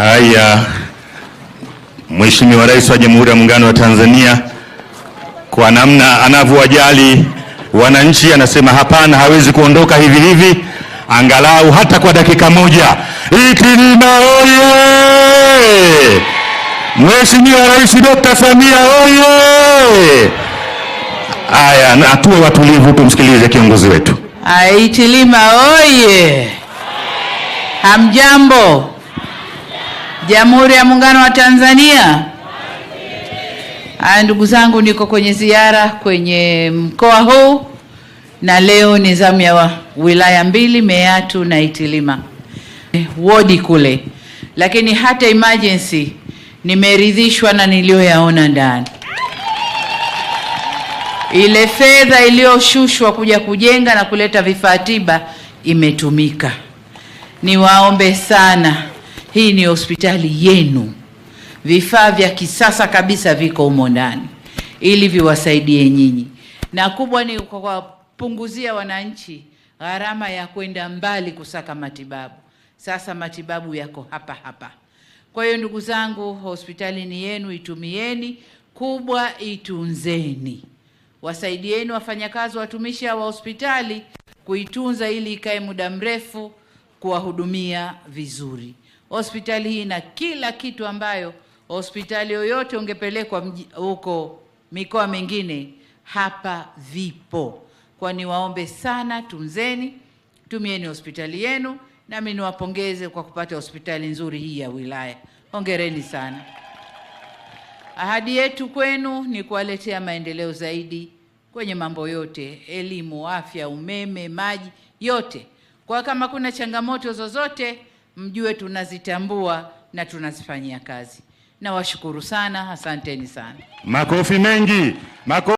Haya, Mheshimiwa Rais wa Jamhuri ya Muungano wa Tanzania kwa namna anavyowajali wananchi, anasema hapana, hawezi kuondoka hivi hivi angalau hata kwa dakika moja. Itilima oye! Mheshimiwa Rais Dr. Samia oye! Haya, na tuwe watulivu, tumsikilize kiongozi wetu. Itilima oye! Hamjambo. Jamhuri ya Muungano wa Tanzania. Ndugu zangu, niko kwenye ziara kwenye mkoa huu na leo ni zamu ya wilaya mbili, Meatu na Itilima wodi kule, lakini hata emergency nimeridhishwa na niliyoyaona ndani. Ile fedha iliyoshushwa kuja kujenga na kuleta vifaa tiba imetumika. Niwaombe sana hii ni hospitali yenu, vifaa vya kisasa kabisa viko humo ndani ili viwasaidie nyinyi, na kubwa ni kuwapunguzia wananchi gharama ya kwenda mbali kusaka matibabu. Sasa matibabu yako hapa hapa. Kwa hiyo ndugu zangu, hospitali ni yenu, itumieni kubwa, itunzeni, wasaidieni wafanyakazi, watumishi wa hospitali kuitunza ili ikae muda mrefu, kuwahudumia vizuri hospitali hii ina kila kitu ambayo hospitali yoyote ungepelekwa huko mikoa mingine, hapa vipo. Kwa niwaombe sana, tunzeni, tumieni hospitali yenu. Nami niwapongeze kwa kupata hospitali nzuri hii ya wilaya. Hongereni sana. Ahadi yetu kwenu ni kuwaletea maendeleo zaidi kwenye mambo yote: elimu, afya, umeme, maji, yote. Kwa kama kuna changamoto zozote mjue tunazitambua na tunazifanyia kazi. Nawashukuru sana, asanteni sana. Makofi mengi, makofi.